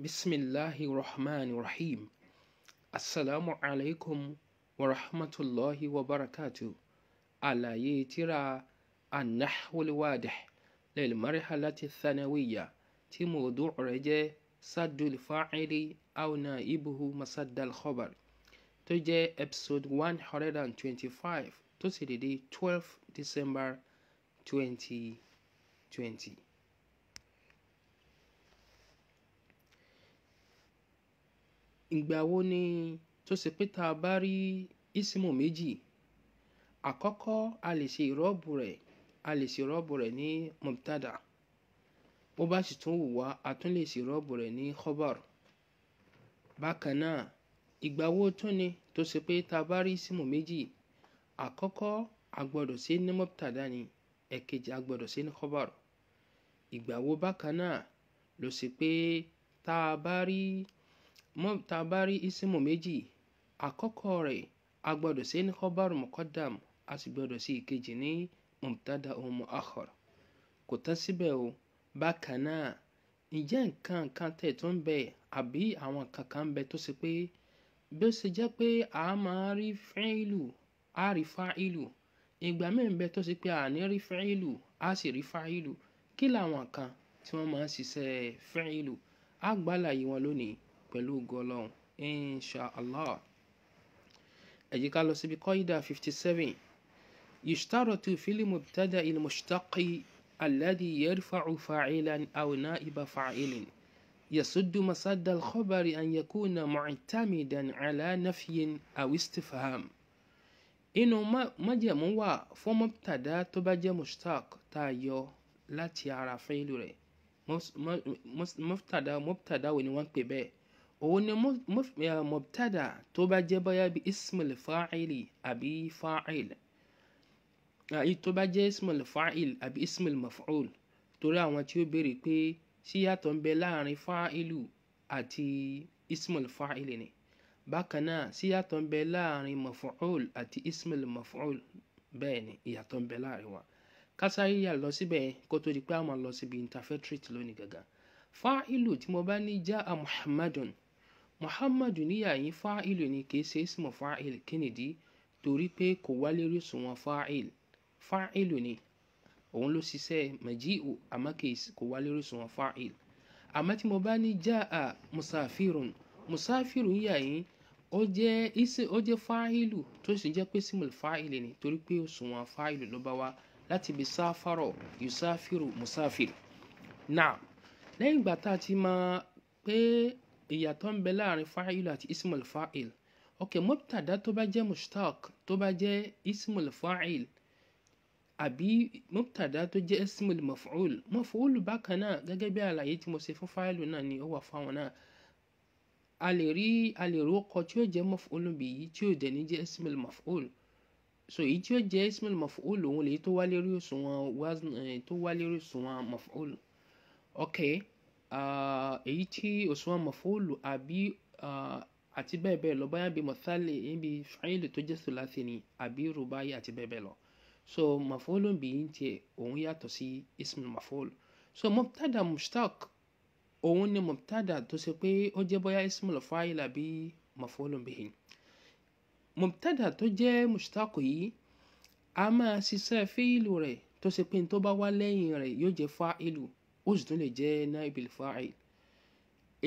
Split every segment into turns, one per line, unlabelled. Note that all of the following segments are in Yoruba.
bismillahi rahmani rahim assalamu alaikum wa rahmatullahi wa barakatu àlàyé tírà annahwul wadih lil marhalati thanawiyya tí mòdù rẹ̀ jẹ́ saddul fa'ili auna ibuhu masaddal khobar tó jẹ́ episode one hundred and twenty-five tó sì dédé twelve december twenty twenty. Ìgbà wo ni tó ṣe pé ta bá rí ísímù méjì, àkọ́kọ́ a lè ṣe ìrọ́bù rẹ̀, a lè ṣe ìrọ́bù rẹ̀ ní mubtada. Bo bá sì tún wù wá, a tún lè ṣe ìrọ́bù rẹ̀ ní khabar. Bákan náà, ìgbà wo tún ni tó ṣe pé ta bá rí ísímù méjì, àkọ́kọ́ a gbọdọ̀ ṣe ní mubtada ni, èkejì a gbọdọ̀ ṣe ní khabar. Ìgbà wo bákan náà ló ṣe pé ta bá rí mọ́ tá a bá rí isimu méjì àkọ́kọ́ rẹ̀ a gbọ́dọ̀ ṣe ní kọ́bárù mọ́kọ́dàm a sì gbọ́dọ̀ sí ìkejì ní mọ̀tàdà ohun akhar kò tán síbẹ̀ o bákan náà ǹjẹ́ nǹkan kan tẹ̀ tó ń bẹ àbí àwọn nǹkan kan ń bẹ tó ṣe pé bí ó ṣe jẹ́ pé a máa rí fẹ́ẹ́lù a rí fáìlù ìgbà míì ń tó ṣe pé a ní rí fẹ́ẹ́lù a sì rí fáìlù kí làwọn kan tí wọ́n máa ń ṣiṣẹ́ fẹ́ẹ́lù a gbàlàyé wọn lónìí pẹ̀lú ògo ọlọ́run inshallah ẹ jẹ́ ká lọ síbi kọ́ídà fifty seven yushtaratu fil mubtada'il mushtaqi alladhi yarfa'u fa'ilan aw na'iba fa'ilin يسد مسد الخبر أن يكون معتمدا على نفي أو استفهام inú májẹ̀mú wà fún mọ́tàdá tó bá jẹ́ mushtaq tá a yọ láti ara fẹ́ẹ́lù rẹ̀ mọ́tàdá wo ni wọ́n pè bẹ́ẹ̀ òun ni mubtada tó bá jẹ́ bóyá bí ismul fa'ili àbí fa'il tó bá jẹ́ ismul fa'il àbí ismul maf'ul torí àwọn tí ó béèrè pé síyàtọ̀ ń bẹ láàrin fa'ilu àti ismul fa'ili ni bákan náà síyàtọ̀ ń bẹ láàrin maf'ul àti ismul maf'ul bẹ́ẹ̀ ni ìyàtọ̀ ń bẹ láàrin wa kásáré yà lọ síbẹ̀ kó tó di pé a máa lọ síbi interfetrit lónìí gàgà fa'ilu tí mo bá ní jaa Muhammadun muhammadu níyà yín fáìlù ni kì í ṣe ismu fáìlù kí nìdí torí pé kò wá lérí sùnwọ̀n fáìlù fáìlù ni òun ló ṣiṣẹ́ maji'u àmọ́ kò wá lérí sùnwọ̀n fáìlù àmọ́ tí mo bá ní jaa musafirun musafirun yà yín ó jẹ́ isi ó jẹ́ fáìlù tó sì jẹ́ pé simul fáìlì ni torí pé òṣùwọ̀n fáìlù ló bá wá láti ibi sáfárọ̀ yusafiru musafir náà lẹ́yìn ìgbà tá a ti mọ̀ pé ìyàtọ̀ ń bẹ láàrin fa'il àti ismul fa'il ok mubtada tó bá jẹ́ mushtaq tó bá jẹ́ ismul fa'il àbí mubtada tó jẹ́ ismul maf'ul maf'ul bákan náà gẹ́gẹ́ bí àlàyé tí mo ṣe fún fa'ilu náà ni ó wà fáwọn náà a lè rí a lè rókọ tí ó jẹ́ maf'ul bihi tí ó dẹ̀ ní jẹ́ ismul maf'ul so èyí tí ó jẹ́ ismul maf'ul òun lèyí tó wá lérí òṣùwọ̀n eh, tó wá lérí òṣùwọ̀n maf'ul ok èyí tí òṣùwọ̀n mọ̀fóòlù àbí àti bẹ́ẹ̀ bẹ́ẹ̀ lọ bóyá bí mọ̀sálẹ̀ níbi fáìlì tó jẹ́ sùláṣì ni àbí rúbáyé àti bẹ́ẹ̀ bẹ́ẹ̀ lọ so mọ̀fóòlù bí ń tiẹ̀ òun yàtọ̀ sí ismul mọ̀fóòlù so mọ̀tàdà mushtaq òun ni mọ̀tàdà tó ṣe pé ó jẹ́ bóyá ismul fáìlì àbí mọ̀fóòlù bihi mọ̀tàdà tó jẹ́ mushtaq yìí a máa ṣiṣẹ́ fíìlù rẹ̀ tó ṣe pé ní tó bá wá lẹ́yìn rẹ̀ yóò jẹ́ fáìlù ó sì tún lè jẹ́ naibul fa'il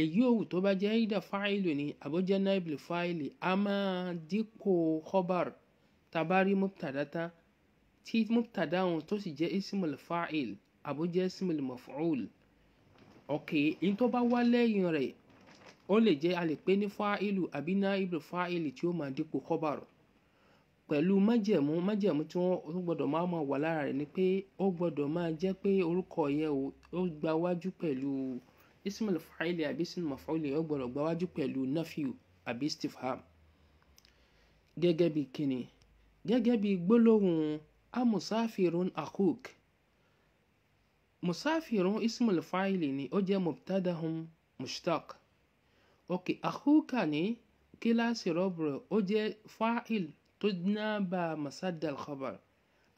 èyí òwú tó bá jẹ́ ida fa'ilu ni àbójẹ́ naibul fa'il a máa dípò khobar tabari mubtadata tí mubtada òun tó sì jẹ́ ismul fa'il àbójẹ́ ismul maf'ul ọ̀kẹ́ èyí tó bá wá lẹ́yìn rẹ̀ ó lè jẹ́ a lè ní fa'ilu àbí naibul fa'il tí ó máa dípò khobar pẹ̀lú májẹ̀mú májẹ̀mú tí wọ́n gbọ́dọ̀ máa máa wà lára rẹ̀ ni pé ó gbọ́dọ̀ máa jẹ́ pé orúkọ yẹn ó gba wájú pẹ̀lú ismail fa'ili àbí ismail maf'uli ó gbọ́dọ̀ gba wájú pẹ̀lú nafiu àbí istifham gẹ́gẹ́ bí kíni gẹ́gẹ́ bí gbólóhùn amusafirun akuk musafirun ismail fa'ili ni ó jẹ́ mubtadahum mushtaq ok akuka ni kíláàsì rọ́bùrọ̀ ó jẹ́ fa'il tujnaba masadda al-khabar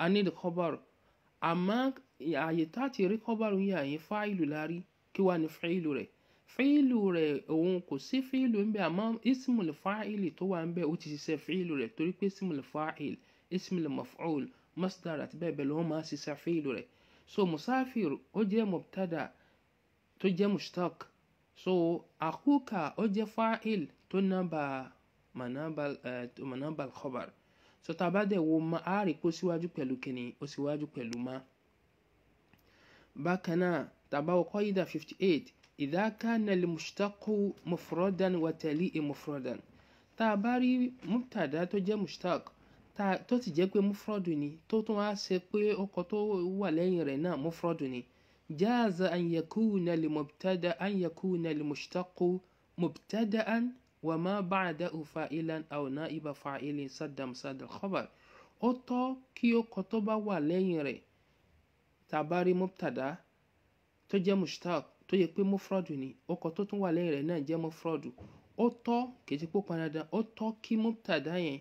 a ní the khabar àmọ́ àyè tá a ti rí khabar yìí àyè fáìlù lárí kí wàá ní fáìlù rẹ̀ fíìlù rẹ̀ òun kò sí fíìlù ńbẹ àmọ́ ismul fáìlì tó wà ńbẹ ó ti ṣiṣẹ́ fíìlù rẹ̀ torí pé ismul fáìl ismul maf'ul masdar àti bẹ́ẹ̀ bẹ́ẹ̀ ló máa ṣiṣẹ́ fíìlù rẹ̀ so musafir ó jẹ́ mubtada tó jẹ́ mushtaq so akuka ó jẹ́ fáìl tó nàbà manabal eh, khobar so tá a bá dẹ̀ wo ma a rí pé ó síwájú pẹ̀lú kíni ó síwájú pẹ̀lú ma bákan náà tá a bá wo kọ́yídà fifty eight idha kana al-mushtaqu mufrodan wa tali'i mufrodan tá a bá rí mubtada tó jẹ́ mushtaq tó ti jẹ́ pé mufrodu ni tó tún wá ṣe pé ọkọ̀ tó wà lẹ́yìn rẹ̀ náà mufrodu ni jaza an yakuna li mubtada an yakuna li وما بعده فاعلا أو نائب فاعل سد مسد الخبر ó tọ́ kí ó kọ tó bá wà lẹ́yìn rẹ̀ tàbárí mubtada tó jẹ́ mushtaq tó yẹ pé mufrodu ni ó kọ tó tún wà lẹ́yìn rẹ̀ náà jẹ́ mufrodu ó tọ́ kìí pò pọn dandan ó tọ́ kí mubtada yẹn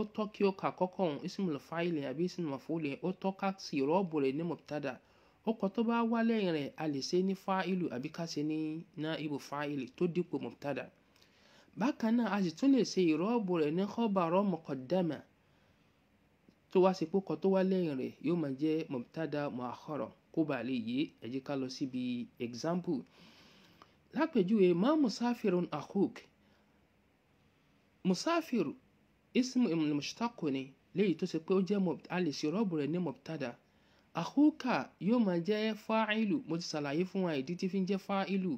ó tọ́ kí ó kà kọ́kọ́ òun ismul fáìlì àbí ismul maf'ul ó tọ́ ká sì rọ́ọ̀bù rẹ̀ ní mubtada ọkọ̀ tó bá wá lẹ́yìn rẹ̀ a lè ṣe ní fáìlù àbí ká ṣe ní naibu fáìlì tó dípò mubtada bákan náà a sì tún lè ṣe ìrọ́bù rẹ̀ ní khabarun muqaddama tó wá sí pókọ̀ tó wá lẹ́yìn rẹ̀ yóò máa jẹ́ mubtada muakhara kó bá lè yé ẹ ká lọ síbi example lápèjúwe ma musafirun akhuk musafir ismu mushtaq ni léyìí tó ṣe pé ó jẹ́ a lè ṣe ìrọ́bù rẹ̀ ní mubtada àkúkà yóò máa jẹ́ fáìlù mo ti ṣàlàyé fún wa ìdí tí fi ń jẹ́ fáìlù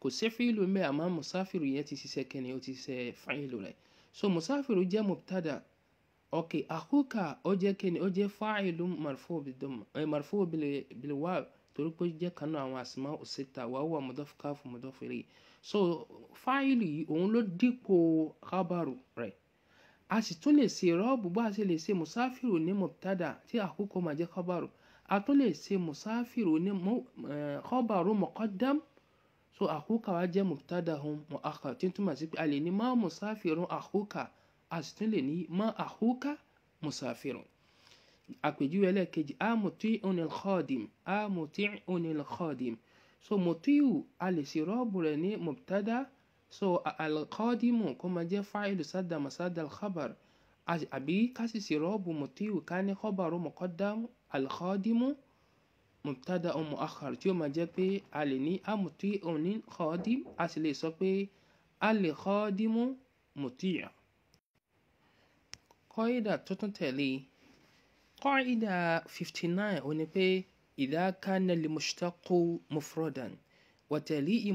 kò sí fíìlù ń bẹ àmọ́ musafiru yẹn ti ṣiṣẹ́ kẹ́ni ó ti ṣiṣẹ́ fáìlù rẹ̀ so musafiru jẹ́ mubtada ok àkúkà ó jẹ́ kẹ́ni ó jẹ́ fáìlù marfu eh, bilwa torí pé jẹ́ kanú àwọn àsìmọ́ òṣèta wà wà mudọ́fù káfù mudọ́fù so fáìlù yìí òun ló dípò kábàrù rẹ̀. Right? a sì tún lè ṣe rọ́ọ̀bù bá a ṣe lè ṣe musafiru ní mubtada tí àkókò máa jẹ́ kọ́bàrù a tún lè ṣe musafiru ní eh, kọ́bàrù muqaddam so àkókò wa jẹ́ mubtada hun muakhar tí ń túmọ̀ sí pé a lè ní má musafiru àkókò a sì tún lè ní má àkókò musafiru àpèjúwe ẹlẹ́ẹ̀kejì a mutí onil khadim a mutí onil khadim so muti'u a lè ṣe rọ́ọ̀bù rẹ̀ ní mubtada so alkọ́dímù kó máa jẹ́ fáìlù sádà masádà alkhabar àbí kásì sí rọ́ọ̀bù mutiwu ká ní khabaru muqaddam alkọ́dímù mubtada ọmọ akhar tí ó máa jẹ́ pé a lè ní amuti òní kọ́dím a sì lè sọ pé a lè kọ́dímù mutiya. kọ́ídà tuntun tẹ̀lé kọ́ídà fifty nine pé idha kana limushtaqqu mufradan wa tali'i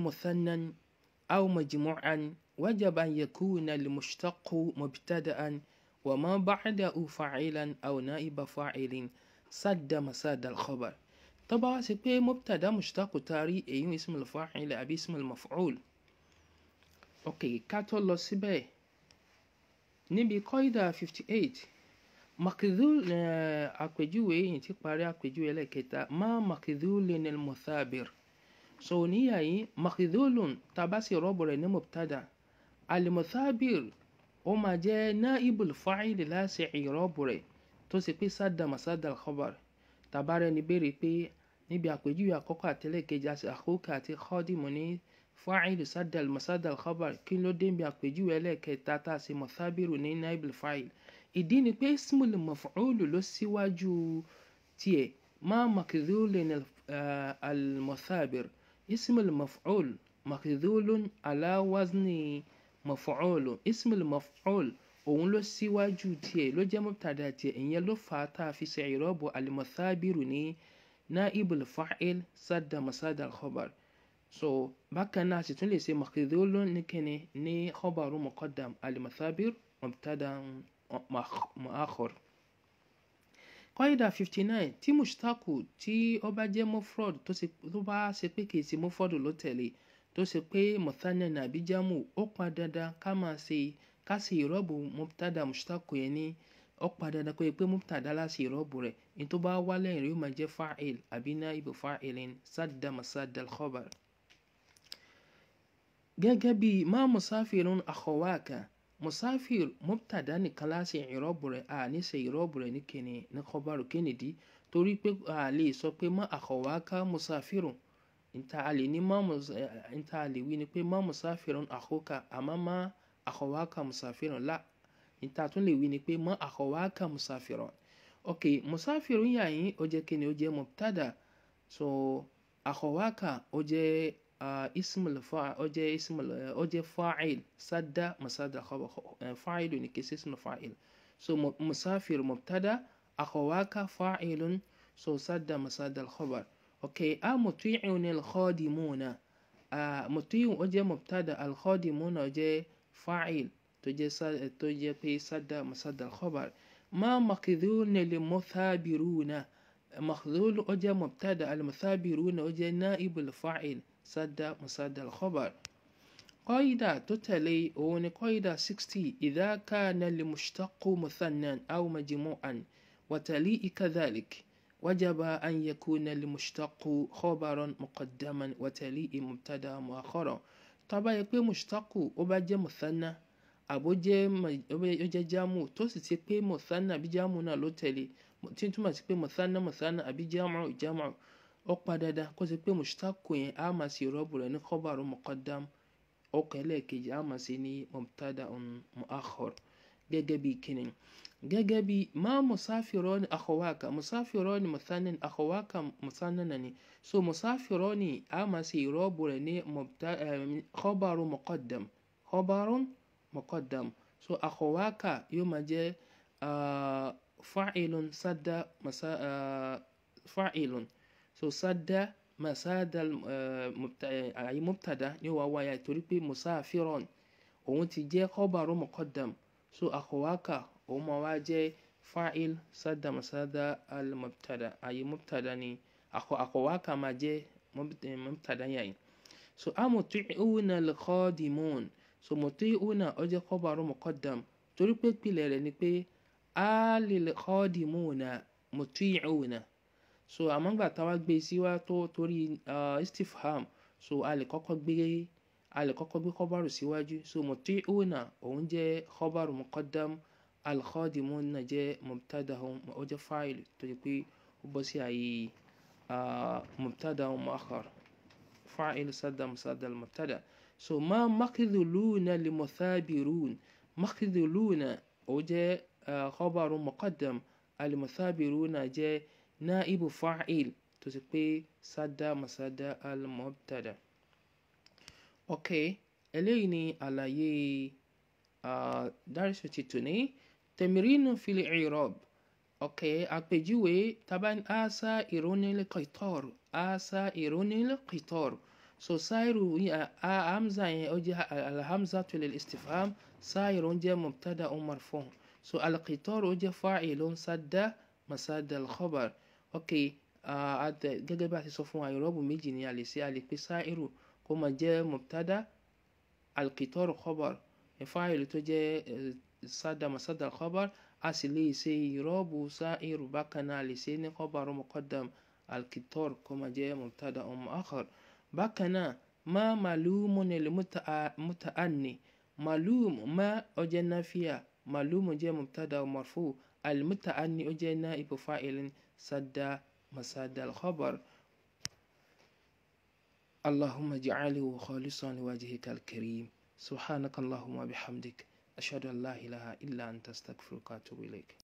أو مجموعا وجب أن يكون المشتق مبتدأ وما بعده فاعلا أو نائب فاعل سد مساد الخبر tó bá wá sí pé mọ́bítàdá mùsítákù tá a rí èyí ní ismul fa'il àbí ismul maf'ul ok ká tó lọ síbẹ̀ níbi kọ́ídà fifty eight makidul àpèjúwe yìí ti parí àpèjúwe ẹlẹ́kẹta má makidul ní muthabir sọ̀níyà yìí makhidolun tabasi rọ́bù rẹ̀ ní mubtada alimothabir ó máa jẹ́ naibul fa'ili láti ìrọ́bù rẹ̀ tó sì pé sada masada al-khabar tabara ẹni béèrè pé níbi àpèjúwe àkọ́kọ́ àtẹlẹ́kejì àti àkókò àti khadimu ní fa'ili sada masada al-khabar kí ló dé níbi àpèjúwe ẹlẹ́kẹta tá a sì mothabiru naibul fa'il ìdí ni pé ismul maf'ulu ló síwájú tiẹ̀ ma makhidolun al-mothabir al eh, اسم المفعول مخذول على وزن مفعول اسم المفعول òun ló síwájú tiẹ̀ ló jẹ́ mọ́tàdá tiẹ̀ ìyẹn ló fà á tá a fi ṣe ìrọ́bù alimathabiru ní naibul fa'il sadda masada khobar so bákan náà sì tún lè ṣe makidolo nìkíni ní khobaru muqaddam alimathabiru mubtada ma'akhor kọ́ídà fifty nine tí mushtaku tí ó bá jẹ́ mufrod tó bá ṣe pé kì í ṣe mufrod ló tẹ̀lé tó ṣe pé mọ̀tánà nàbí jámù ó pa dandan ká máa ṣe ká ṣe ìrọ́bù mubtada mushtaku yẹn ní ó pa dandan kó yẹ pé mubtada láṣẹ ìrọ́bù rẹ̀ ní tó bá wá lẹ́yìn rí ó máa jẹ́ fa'il àbí naibu fa'ilin sadda masad al-khabar. gẹ́gẹ́ bí máa musafirun akhawaka musafir mubtada nìkan láti ìrọ́bù rẹ̀ a ní ṣe ìrọ́bù rẹ̀ ní kíni ní kọbárù kínìdí torí pé a lè sọ pé má àkọwáká musafirun níta a lè ní má níta a lè wí ni pé má musafirun àkókà àmọ́ má àkọwáká musafirun lá níta tún lè wí ni pé má àkọwáká musafirun ok musafirun yà yín ó jẹ́ kíni ó mubtada so àkọwáká ó jẹ́ آه، اسم الفاعل أوجي اسم آه، أوجي فاعل سد مصدر خبر آه، فاعل نكيس يعني اسم فاعل سو مسافر مبتدا أخواك فاعل سو so سد مصدر الخبر أوكي okay. أمطيعني الخادمون آه مطيع أوجي مبتدا الخادمون أوجي فاعل توجي سد توجي في سد مصدر الخبر ما مقذون للمثابرون مخذول أوجي مبتدا المثابرون أوجي نائب الفاعل sada musada al-khabar kọ́ìdà tó tẹ̀lé òun ni kọ́ìdà 60 idha kana al-mushtaqu muthannan aw majmu'an wa tali'i kadhalik وجب أن يكون المشتق خبرا مقدما وتليه مبتدا مؤخرا tọ́ba yẹ pé mushtaku ó bá jẹ́ mùsánná àbó jẹ́ ó jẹ́ jámù tó sì ti pé mùsánná àbí jámù náà ló tẹ̀lé tí túmọ̀ sí pé mùsánná mùsánná àbí jámù jámù ó pa dandan kó ṣe pé mushtaku yẹn a máa ṣe ìrọ́bù rẹ̀ ní khabaru muqaddam ọkọ̀ ẹlẹ́ẹ̀kejì a máa ṣe ní mubtada'un mu'akhkhar gẹ́gẹ́ bí kíni gẹ́gẹ́ bí má musafironi akhawaka musafironi muthannin akhawaka muthannana ni so musafironi a máa ṣe ìrọ́bù rẹ̀ ní eh, khabaru muqaddam khabaru muqaddam so akhawaka yóò máa jẹ́ ah, fa'ilun sadda ah, fa'ilun so sada masada ayi mubtada ni ó wá wáyà torí pé musafiron òun ti jẹ́ kọ́bàrú muqaddam so akhawaka òun máa wá jẹ́ fa'il sada masada al mubtada ayi mubtada ni akhawaka máa jẹ́ mubtada yàyí so amuti'una al khadimun so muti'una ó jẹ́ kọ́bàrú muqaddam torí pé pilẹ̀ rẹ̀ ni pé alil khadimuna muti'una so àmọ́ gbà tá a wá gbé e sí wá tó torí uh, istifham so a lè kọ́kọ́ gbé a lè kọ́kọ́ gbé kọ́bárù síwájú so mọ̀tí òwúnà òun jẹ́ kọ́bárù muqaddam alkhadimu na jẹ́ mubtada'un ó jẹ́ fáìlì tó yẹ pé ó bọ́ sí ààyè uh, mubtada'un mu'akhkhar fáìlì sadda musadda mubtada so ma makiduluna li muthabirun makiduluna ó jẹ́ uh, kọ́bárù muqaddam al muthabiruna naibu fa'il tó ṣe pé sada masada al-mubtada ok eléyìí ni àlàyé uh, dárẹ́sọ̀ ti tò ní tẹ̀mírínù fili irob ok àpèjúwe taban asa ironile qitor asa ironile qitor so sairu a hamza yẹn ó jẹ́ alhamza tó lè istifham sairu jẹ́ mubtada umar fún so alqitor ó jẹ́ fa'ilun sada masada al-khabar ok gẹ́gẹ́ bí a ti sọ fún wa ìrọ́bù méjì ni a lè ṣe a lè pe sáírù kó máa jẹ́ mubtada alkitọ́rù khabar fáìlì tó jẹ́ sádàmà sádà khabar a sì lè ṣe ìrọ́bù sáírù bákan náà a lè ṣe ní khabar muqaddam alkitọ́rù kó máa jẹ́ mubtada mu'akhkhar bákan náà má màlúùmù nílẹ̀ muta'anni màlúùmù má ọjẹ́ náfíà màlúùmù jẹ́ mubtada marfu al muta'anni ó jẹ́ náà ibu سد مساد الخبر اللهم اجعله خالصا لوجهك الكريم سبحانك اللهم وبحمدك أشهد أن لا إله إلا أنت أستغفرك وأتوب إليك